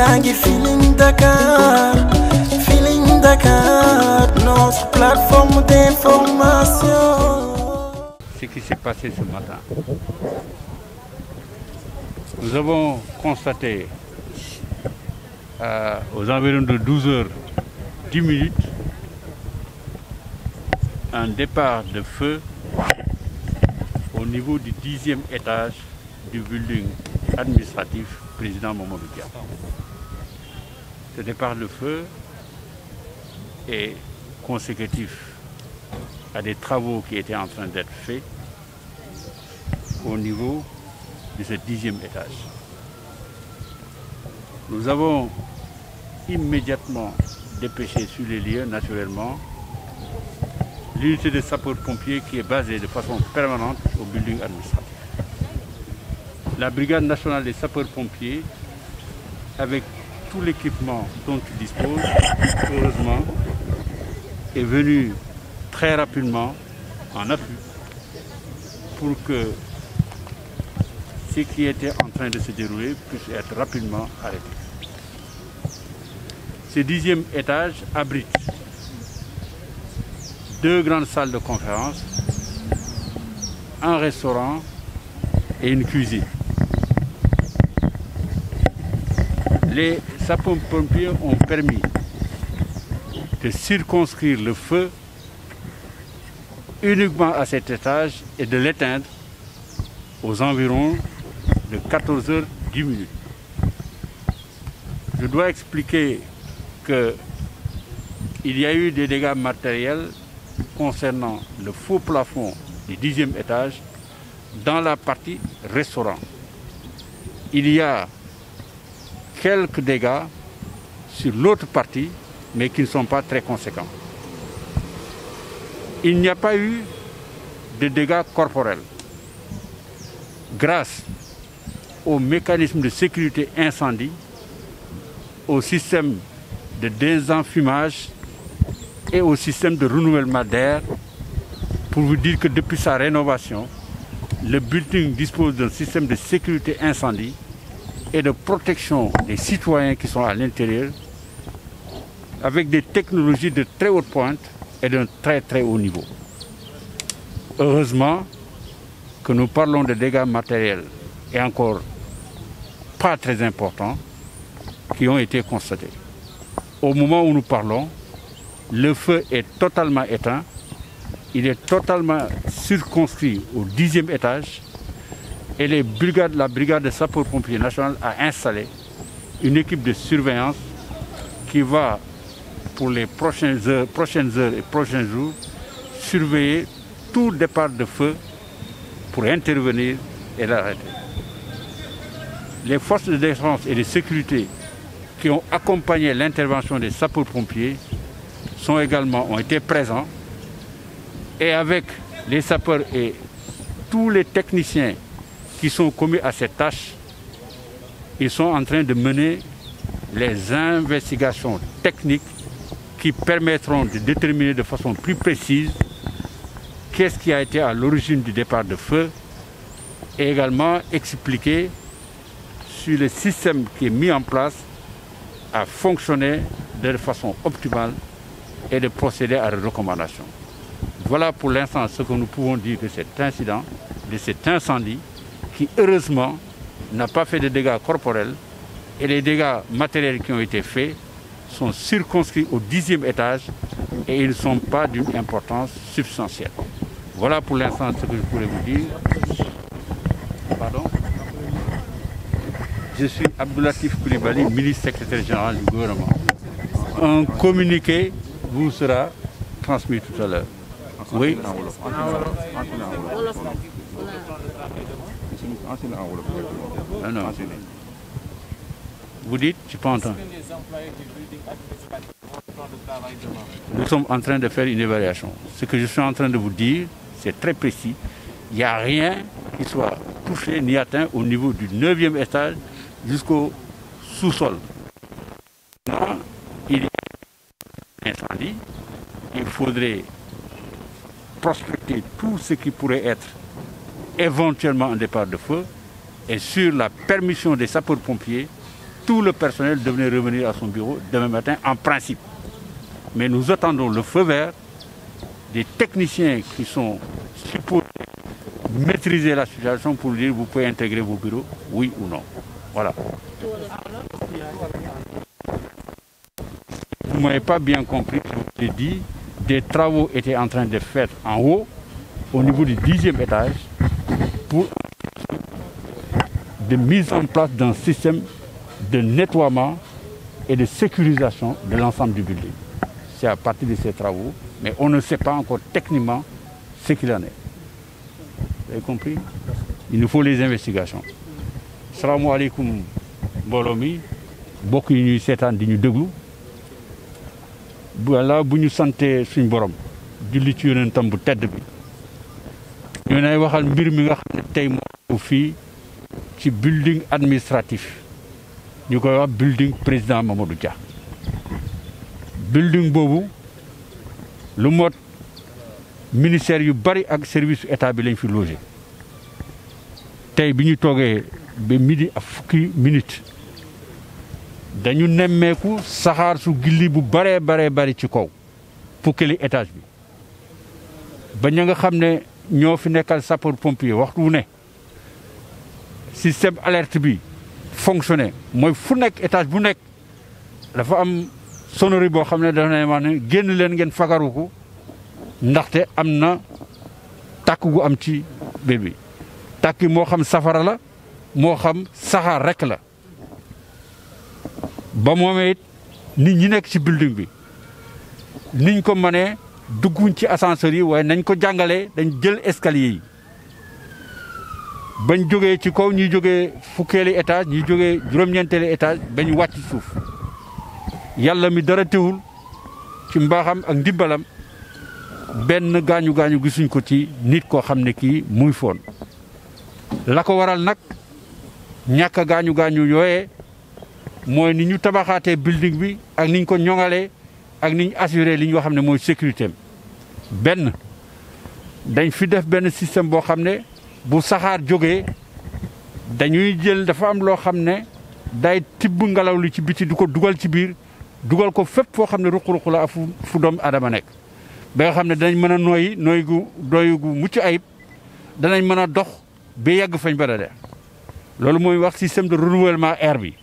yaa ngi Feeling Dakar Feeling Dakar notre d'information. Ce qui s'est passé ce matin nous avons constaté euh, aux environs de 12 heures 10 minutes un départ de feu au niveau du dixième étage du building administratif président Mamadou Ce départ de feu est consécutif à des travaux qui étaient en train d'être faits au niveau de ce dixième étage. Nous avons immédiatement dépêché sur les lieux, naturellement, l'unité de sapeurs-pompiers qui est basée de façon permanente au building administratif. La brigade nationale des sapeurs-pompiers, avec tout l'équipement dont tu disposes, heureusement, est venu très rapidement en appui pour que ce qui était en train de se dérouler puisse être rapidement arrêté. Ce dixième étage abrite deux grandes salles de conférence, un restaurant et une cuisine. sapeurs-pompiers ont permis de circonscrire le feu uniquement à cet étage et de l'éteindre aux environs de 14h10. Je dois expliquer que y a eu des dégâts matériels concernant le faux plafond du dixième étage dans la partie restaurant. Il y a quelques dégâts sur l'autre partie, mais qui ne sont pas très conséquents. Il n'y a pas eu de dégâts corporels. Grâce au mécanisme de sécurité incendie, au système de désenfumage et au système de renouvellement d'air, pour vous dire que depuis sa rénovation, le building dispose d'un système de sécurité incendie et de protection des citoyens qui sont à l'intérieur avec des technologies de très haute pointe et d'un très très haut niveau. Heureusement que nous parlons de dégâts matériels et encore pas très importants qui ont été constatés. Au moment où nous parlons, le feu est totalement éteint, il est totalement circonscrit au dixième étage et les brigades, la brigade de sapeurs-pompiers nationale a installé une équipe de surveillance qui va, pour les prochaines heures, prochaines heures et prochains jours, surveiller tout départ de feu pour intervenir et l'arrêter. Les forces de défense et de sécurité qui ont accompagné l'intervention des sapeurs-pompiers sont également, ont été présents et avec les sapeurs et tous les techniciens qui sont commis à cette tâche, ils sont en train de mener les investigations techniques qui permettront de déterminer de façon plus précise qu'est-ce qui a été à l'origine du départ de feu également expliquer sur le système qui est mis en place à fonctionner de façon optimale et de procéder à des recommandations. Voilà pour l'instant ce que nous pouvons dire de cet incident, de cet incendie. qui heureusement n'a pas fait de dégâts corporels et les dégâts matériels qui ont été faits sont circonscrits au dixième étage et ils ne sont pas d'une importance substantielle. Voilà pour l'instant ce que je pourrais vous dire. Je suis Abdoulatif Koulibaly, ministre secrétaire général du gouvernement. Un communiqué vous sera transmis tout à l'heure. enseigner en non non vous dites je peux entendre. nous sommes en train de faire une évaluation ce que je suis en train de vous dire c'est très précis il n'y a rien qui soit touché ni atteint au niveau du neuvième étage jusqu'au sous-sol il y incendie il faudrait prospecter tout ce qui pourrait être éventuellement un départ de feu, et sur la permission des sapeurs-pompiers, tout le personnel devait revenir à son bureau demain matin en principe. Mais nous attendons le feu vert des techniciens qui sont supposés maîtriser la situation pour dire vous pouvez intégrer vos bureaux, oui ou non. Voilà. Vous ne m'avez pas bien compris, des travaux étaient en train de faire en haut, au niveau du dixième étage, pour de mise en place d'un système de nettoiement et de sécurisation de l'ensemble du building. C'est à partir de ces travaux, mais on ne sait pas encore techniquement ce qu'il en est. Vous avez compris Il nous faut les investigations. Salaamu aleykum mbooloo mi bokk yi ñuy seetaan di ñu déglu voilà bu ñu santee suñ borom julli ci yonentam bu tedd bi ñu nay waxal mbir mi nga xam ne tey moo fii ci building administratif ñu koy wax building président du Dia building boobu lu mot ministère yu bari ak service état bi lañ fi logé tey bi ñu toogee ba midi ak fukki minute dañu nemmeeku saxaar su gilli bu baree baree bari ci kaw fukkili étage bi ba ña nga xam ne ñoo fi nekkal sapeur pompier waxtu wu ne système alerte bi fonctionné mooy fu nekk étage bu nekk dafa am sonnerie boo xam ne dafa ne wax ne génn leen ngeen fagaru ko ndaxte am na tàkk gu am ci biir bi tàkk moo xam safara la moo xam saxaar rek la ba moomee it nit ñi nekk ci building bi niñ ko manee dugguñ ci ascenseur yi waaye nañ ko jàngalee dañ jël escalier yi bañ jógee ci kaw ñuy jógee fukkeeli étage ñuy jógee juróom-ñeenteeli étage bañ wàcc suuf yàlla mi dara teewul ci mbaaxam ak ndimbalam benn gaañu gaañu gisuñ ko ci nit koo xam ne kii muy foon la ko waral nag ñàkk gaañu gaañu yooye mooy ni ñu tabaxaatee building bi ak niñ ko ñoŋalee ak ni ñu assuré li ñu xam ne mooy sécurité benn dañ fi def benn système boo xam ne bu saxaar jógee dañuy jël dafa am loo xam ne day tibb ngelaw li ci biti du ko dugal ci biir dugal ko fépp foo xam ne ruq-ruq la fu fu doomu aadama nekk ba nga xam ne dañ mën a nooyi nooy gu doy gu mucc ayib danañ mën a dox ba yegg fañ ba de loolu mooy wax système de renouvellement air bi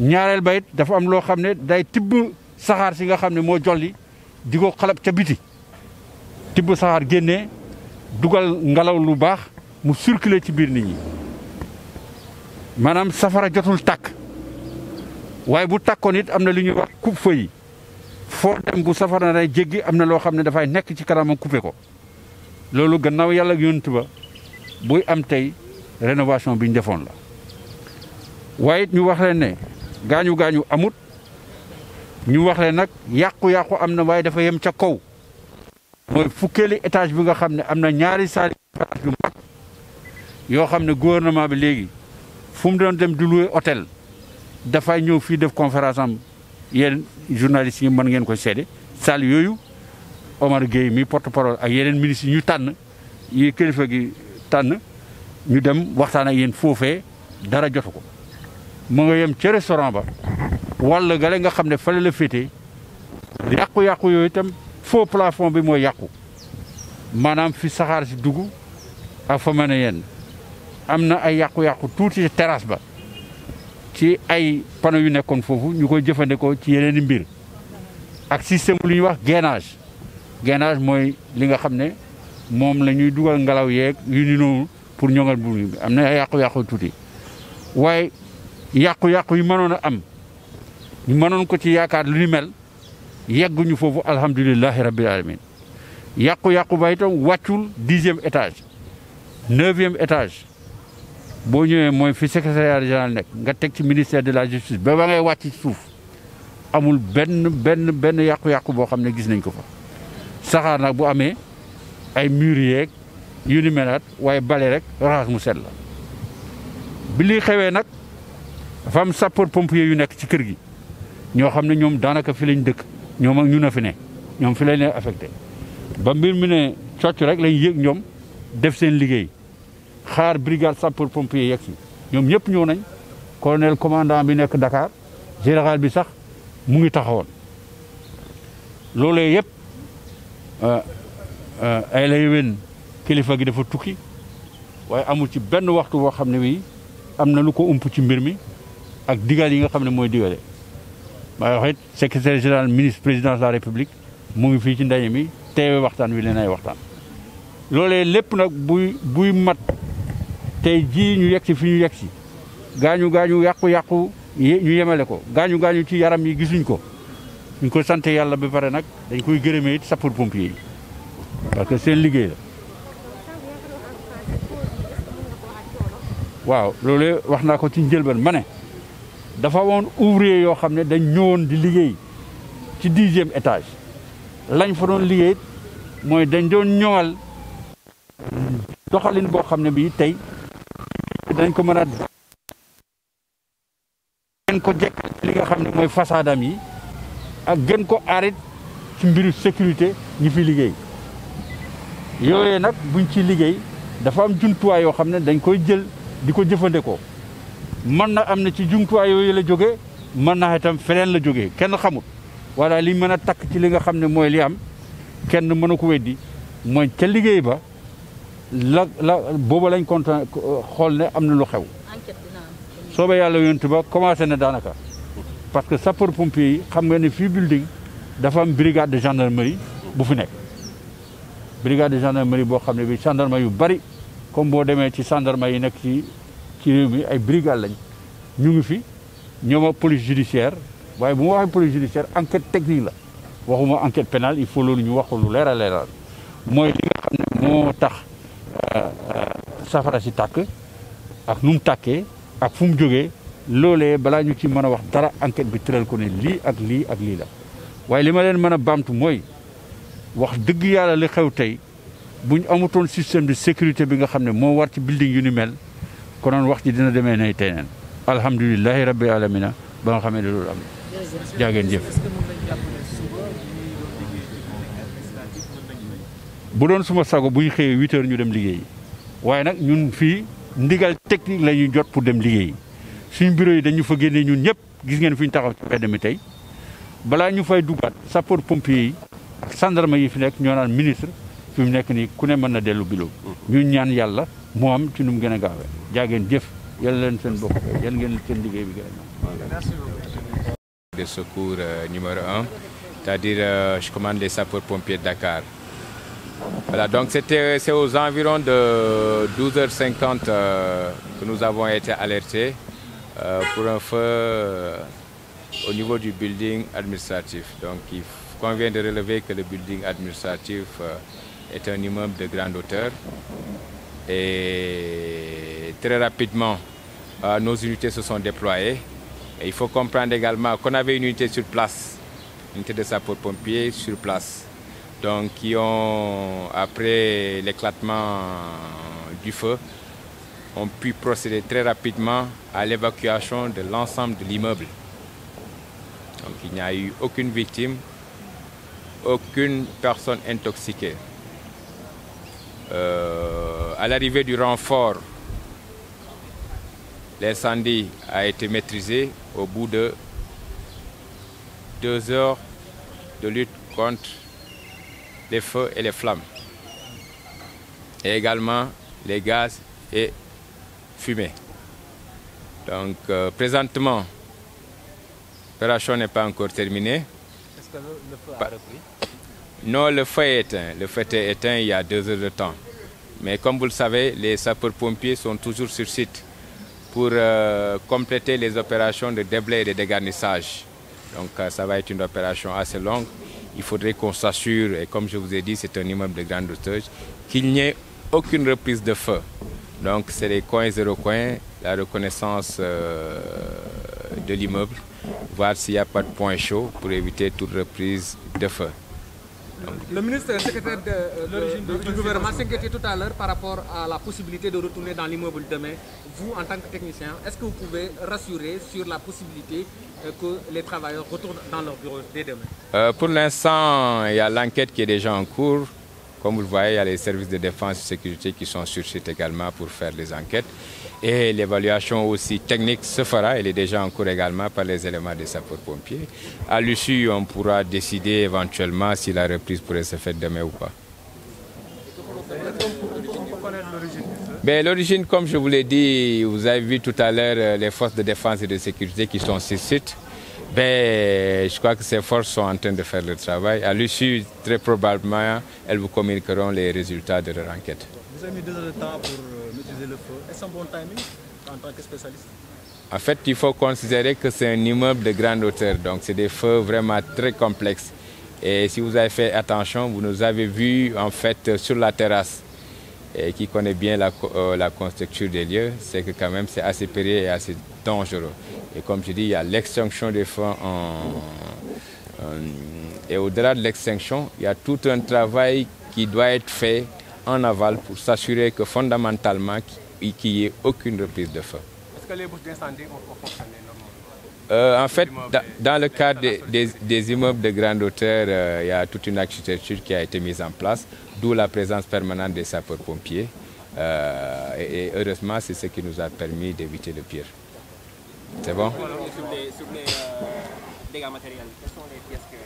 ñaareel ba dafa am loo xam ne day tibb saxaar si nga xam ne moo jolli di ko xalab ca biti tibb saxaar génnee dugal ngelaw lu baax mu circuler ci biir nit ñi maanaam safara jotul tàkk waaye bu tàkkoon it am na lu ñuy wax coupe-feu yi foo dem bu safara day jéggi am na loo xam ne dafay nekk ci kanamam coupé ko loolu gannaaw yàlla ak yonent ba buy am tey rénovation bi ñu defoon la waaye it ñu wax leen ne gaañu gaañu amut ñu wax leen nag yàqu-yàqu am na waaye dafa yem ca kaw mooy fukkeeli étage bi nga xam ne am na ñaari salle conférence yu mag yoo xam ne gouvernement bi léegi fu mu doon dem di louer hôtel dafay ñëw fii def conférence am yéen yi mën ngeen ko seede salle yooyu Omar Gueye mi porte parole ak yeneen ministres ñu tànn yi kilifa gi tànn ñu dem waxtaan ak yéen foofee dara jotu ko mu nga yem ca restaurant ba walla gale nga xam ne fale la féete yàqu-yàqu yooyu itam faux plafond bi mooy yàqu maanaam fi saxaar si dugg ak fa mën yenn am na ay yàqu-yàqu tuuti terrasse ba ci ay panneaux yu nekkoon foofu ñu koy jëfandikoo ci yeneen i mbir ak système lu ñuy wax gainage gainage mooy li nga xam ne moom la ñuy dugal ngelaw yeeg yu ni noonu pour ñoŋal bu am na ay yàqu-yàqu tuuti waaye yàqu-yàqu yi mënoon a am ñu mënoon ko ci yaakaar lu ni mel yegguñu foofu alhamdulilahi rabbil alamin yàqu-yàqu ba itam wàccul dixième étage neuvième étage boo ñëwee mooy fi secrétariat général nekk nga teg ci ministère de la justice ba ba ngay wàcc suuf amul benn benn benn yàqu-yàqu boo xam ne gis nañ ko fa saxaar nag bu amee ay mur yu ni melaat waaye bale rek raxas mu set la bi lii xewee nag dafa am sapeur pompier yu nekk ci kër gi ñoo xam ne ñoom daanaka fi lañ dëkk ñoom ak ñun a fi ne ñoom fi lañ leen affecté ba mbir mi ne cocc rek lañ yëg ñoom def seen liggéey xaar brigade sapeur pompier yegg si ñoom ñëpp ñëw nañ colonel commandant bi nekk Dakar général bi sax mu ngi taxawoon loolee yëpp euh, euh, ay la yéwén kilifa gi dafa tukki waaye amul ci benn waxtu boo xam ne wi am na lu ko ump ci mbir mi ak digal yi nga xam ne mooy digale waaye wax it secrétaire général ministre président de la république mu ngi fii ci ndaje mi teewe waxtaan wi leen ay waxtaan loolee lépp nag buy buy mat tey jii ñu yegg si fi ñu yegg si gaañu gaañu yàqu-yàqu ñu yemale ko gaañu gaañu ci yaram yi gisuñ ko ñu ko sant yàlla ba pare nag dañ koy gërëmee it sapeur pompier yi parce que seen liggéey la waaw loolu wax naa ko ci njëlbeen ma ne dafa woon ouvrier yoo xam ne dañ ñëwoon di liggéey ci dixième étage lañ fa doon liggéey mooy dañ doon ñëwal doxalin boo xam ne bii tey dañ ko mën a gën ko jekk li nga xam ne mooy façadam yi ak gën ko aarit ci mbiru sécurité ñi fi liggéey yooye nag buñ ci liggéey dafa am jumtuwaay yoo xam ne dañ koy jël di ko jëfandikoo mën na am na ci jumtuwaay yooyu la jógee mën na itam feneen la jógee kenn xamut voilà liñ mën a takk ci li nga xam ne mooy li am kenn mënu ko weddi mooy ca liggéey ba la la booba lañ kontaan xool ne am na lu xew soobee yàlla yontu ba commencé na daanaka parce que sapeur pompier yi xam nga ne fii building dafa am brigade de gendarmerie bu fi nekk brigade de gendarmerie boo xam ne bi gendarme yu bari comme boo demee ci gendarme yi nekk ci ci réew mi ay brigade lañ ñu ngi fi ñoo a police judiciaire waaye bu ma waxee police judiciaire enquête technique la waxuma enquête pénale il faut loolu ñu wax lu leer a leeral mooy li nga tax euh, euh, safara si tàkk ak nu mu tàkkee ak fu mu jógee loolee balaa ñu ci mën a wax dara enquête bi tëral ko ne lii ak lii ak lii la waaye li ma leen mën a baamtu mooy wax dëgg yàlla li xew tey bu ñu amutoon système de sécurité bi nga xam ne moo war ci building yu ni mel konoon wax ci dina demee nay teeneen alhamdulilahi rabbi alamina ba nga xamee ne loolu am na jaa jëf bu doon suma sago bu ñu xëyee huit ñu dem liggéey waaye nag ñun fii ndigal technique la ñuy jot pour dem liggéey suñu bureau yi dañu fa génnee ñun ñëpp gis ngeen fi ñu taxaw ci dem mi tey balaa ñu fay duggaat sapeur pompier yi ak yi fi nekk ñoo naan ministre fi mu nekk nii ku ne mën na dellu bilo ñu ñaan yàlla moo am ci nu mu gën a gaawee jaa ngeen jëf yal leen seen bopp yal ngeen seen liggéey bi gën a ñoom de secours euh, numéro un c'est-à-dire euh, je commande les sapeurs-pompiers de Dakar voilà donc c'était c'est aux environs de 12h50 euh, que nous avons été alertés euh, pour un feu euh, au niveau du building administratif donc il convient de relever que le building administratif est un immeuble de grande hauteur Et très rapidement, euh, nos unités se sont déployées. Et il faut comprendre également qu'on avait une unité sur place, une unité de sapeurs sur place, donc qui ont, après l'éclatement du feu, ont pu procéder très rapidement à l'évacuation de de l'immeuble. Donc il n'y a eu aucune victime, aucune personne intoxiquée. Euh, à l'arrivée du renfort, l'incendie a été maîtrisé au bout de deux heures de lutte contre les feux et les flammes, et également les gaz et fumées. Donc euh, présentement, l'opération n'est pas encore terminée. Est-ce que le, le feu a repris? Non, le feu est éteint. Le feu était éteint a deux heures de temps. Mais comme vous le savez, les sapeurs-pompiers sont toujours sur site pour euh, compléter les opérations de déblai et de dégarnissage. Donc euh, ça va être une opération assez longue. Il faudrait qu'on s'assure, et comme je vous ai dit, c'est un immeuble de grande hauteur, qu'il n'y ait aucune reprise de feu. Donc c'est les coins zéro coins, la reconnaissance euh, de l'immeuble, voir s'il n'y a pas de point chaud pour éviter toute reprise de feu. donc Le ministre, secrétaire de, euh, de, du gouvernement s'inquiétait tout à l'heure par rapport à la possibilité de retourner dans l'immeuble demain. Vous, en tant que technicien, est-ce que vous pouvez rassurer sur la possibilité euh, que les travailleurs retournent dans leur bureau dès demain euh, Pour l'instant, il y a l'enquête qui est déjà en cours. Comme vous le voyez, il y a les services de défense et de sécurité qui sont sur également pour faire les enquêtes. Et l'évaluation aussi technique se fera, elle est déjà en cours également par les éléments des sapeurs-pompiers. À l'issue, on pourra décider éventuellement si la reprise pourrait se faire demain ou pas. Mais l'origine, comme je vous l'ai dit, vous avez vu tout à l'heure euh, les forces de défense et de sécurité qui sont sur site. Ben, je crois que ces forces sont en train de faire leur travail. À l'issue, très probablement, elles vous communiqueront les résultats de leur enquête. Vous avez mis deux heures de temps pour euh, maîtriser le feu. Est-ce un bon timing en tant que spécialiste En fait, il faut considérer que c'est un immeuble de grande hauteur, donc c'est des feux vraiment très complexes. Et si vous avez fait attention, vous nous avez vu en fait sur la terrasse. Et qui connaît bien la, euh, la construction des lieux, c'est que quand même c'est assez périlleux et assez dangereux. Et comme je dis, il y a l'extinction des feux en, en, et au-delà de l'extinction, il y a tout un travail qui doit être fait en aval pour s'assurer que fondamentalement qu'il n'y ait aucune reprise de feu. Euh, en fait, dans, dans le cadre des, des, des, immeubles de grande hauteur, euh, y a toute une architecture qui a été mise en place, d'où la présence permanente des sapeurs-pompiers. Euh, et, et, heureusement, c'est ce qui nous a permis d'éviter le pire.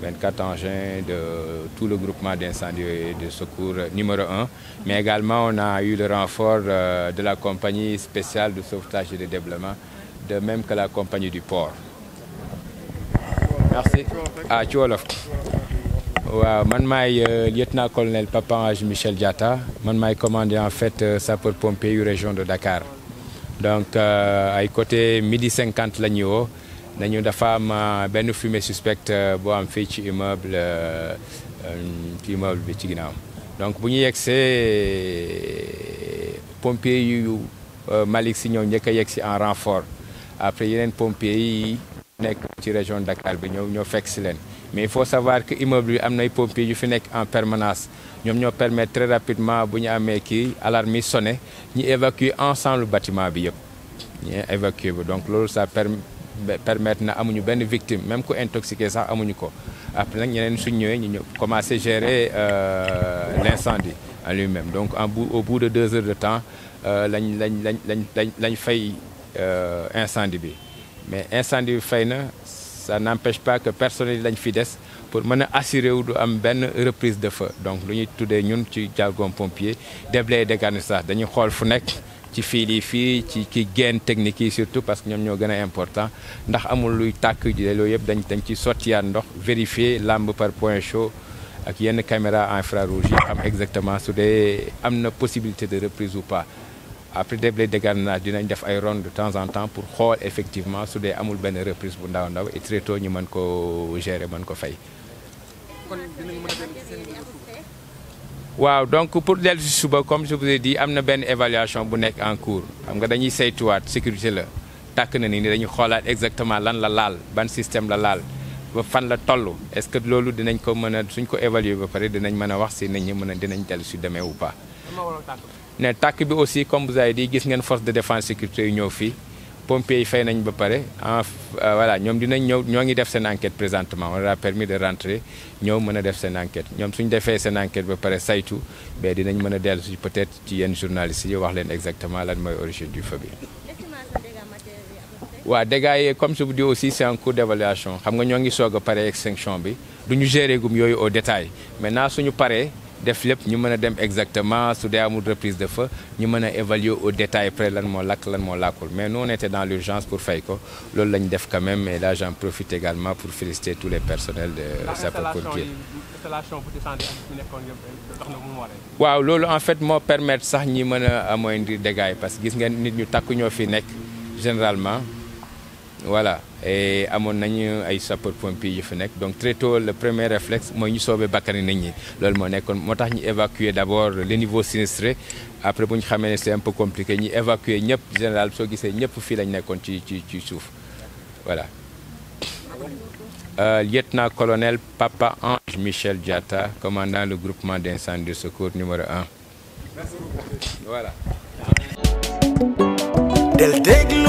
24 engins de tout le groupement d'incendie et de secours numéro 1. Mais également, on a euh, de la compagnie spéciale de sauvetage de développement, même que la compagnie du port. Merci. À ah, Tchouolof. waaw man maay euh, lieutenant colonel Papa Ange Michel Diatta man maay commandé en fait euh, sapeur pompier yu région de Dakar donc ay côté midi 50 la ñu woo nañu dafa am euh, benn fumée suspecte euh, boo am fii ci immeuble euh, ci immeuble bi ci ginaaw donc bu ñu yegsee pompier yu Malick si ñëw njëkk a yegg si en renfort après yeneen pompier yi nekk ci région Dakar bi ñoo ñoo fekk si leen mais il faut savoir que immeuble yi am nay pompier yu fi nekk en permanence ñoom ñoo permettre très rapidement bu ñu amee kii alarme yi sonné ñu évacuer ensemble bâtiment bi yëpp ñu évacuer bi donc loolu ça permettre na amuñu benn victime même ku intoxiqué sax amuñu ko après nag ñeneen suñ ñëwee ñu ñëw commencé gérer euh, l' incendie en lui-même donc en bout au bout de deux heures de temps euh, lañ lañ lañ lañ lañ fay euh, incendie bi mais incendie bi fay na ça n'empêche pas que personnel yi lañ fi des pour mën a assurer wu du am benn reprise de fa donc lu ñuy tuddee ñun ci jargon pompier déblayer dégâts dañuy xool fu nekk. ci fil fii ci ci gain technique yi surtout parce que ñoom ñoo gën a important ndax amul luy tàkk ji loolu yëpp dañ dañ ci sottiyaat ndox vérifier lamb par point chaud ak yenn caméra infrarouge yi am exactement su dee am na possibilité de reprise ou pas après déblai dégannage dinañ def ay ronde de temps en temps pour xool effectivement su dee amul benn reprise bu ndaw ndaw et très tôt ñu man ko gérer man ko fay. waaw donc pour dellu si suba comme je vous am na benn évaluation bu nekk en cours xam nga dañuy saytuwaat sécurité la tàkk na ni dañuy xoolaat exactement lan la laal ban système la laal ba fan la toll est-ce que loolu dinañ ko mën a suñ ko évaluer ba pare dinañ mën a wax si nañ ñi mën a dinañ dellu si demee ou pas. ne tàkk bi aussi comme vous avez dit gis ngeen force de défense sécurité yu ñëw fii. pompiers yi fay nañ ba pare en euh, ñoom dinañ ñëw ñoo ngi def seen enquête présentement on leur a permis de rentrer ñëw mën a def seen enquête ñoom suñ defee seen enquête ba pare saytu mais dinañ mën a dellu si peut-être ci yenn journalistes yi wax leen exactement lan mooy origine du feu bi. waa dégâts comme je vous dis aussi c' est cours d' xam nga ñoo ngi soog a pare extinction bi duñu ñu gérer gum yooyu au détail maintenant suñu paree. def lépp ñu mën a dem exactement su dee amul reprise de feu ñu mën a évaluer au détail près lan moo lakk lan moo lakkul mais nous on était dans l'urgence pour fay ko loolu la ñu def quand même et là j'en profite également pour féliciter tous les personnels de sapeurs-pompiers waaw loolu en fait moo permettre sax ñi mën a amoindrir dégâts yi parce que gis ngeen nit ñu takku ñoo fi nekk généralement voilà et amoon nañu ay sapeur pompier yu fi nekk donc très tôt le premier réflexe mooy ñu soobee bakkani nit ñi loolu moo nekkoon moo tax ñu évacuer d' abord les niveaux sinistrés après bu ñu xamee ne c' est un peu compliqué ñu évacuer ñëpp général soo gisee ñëpp fii lañ nekkoon ci ci ci suuf voilà. Euh, lieutenant colonel Papa Ange Michel Diatta commandant le groupement d' de secours numéro un. voilà. del déglu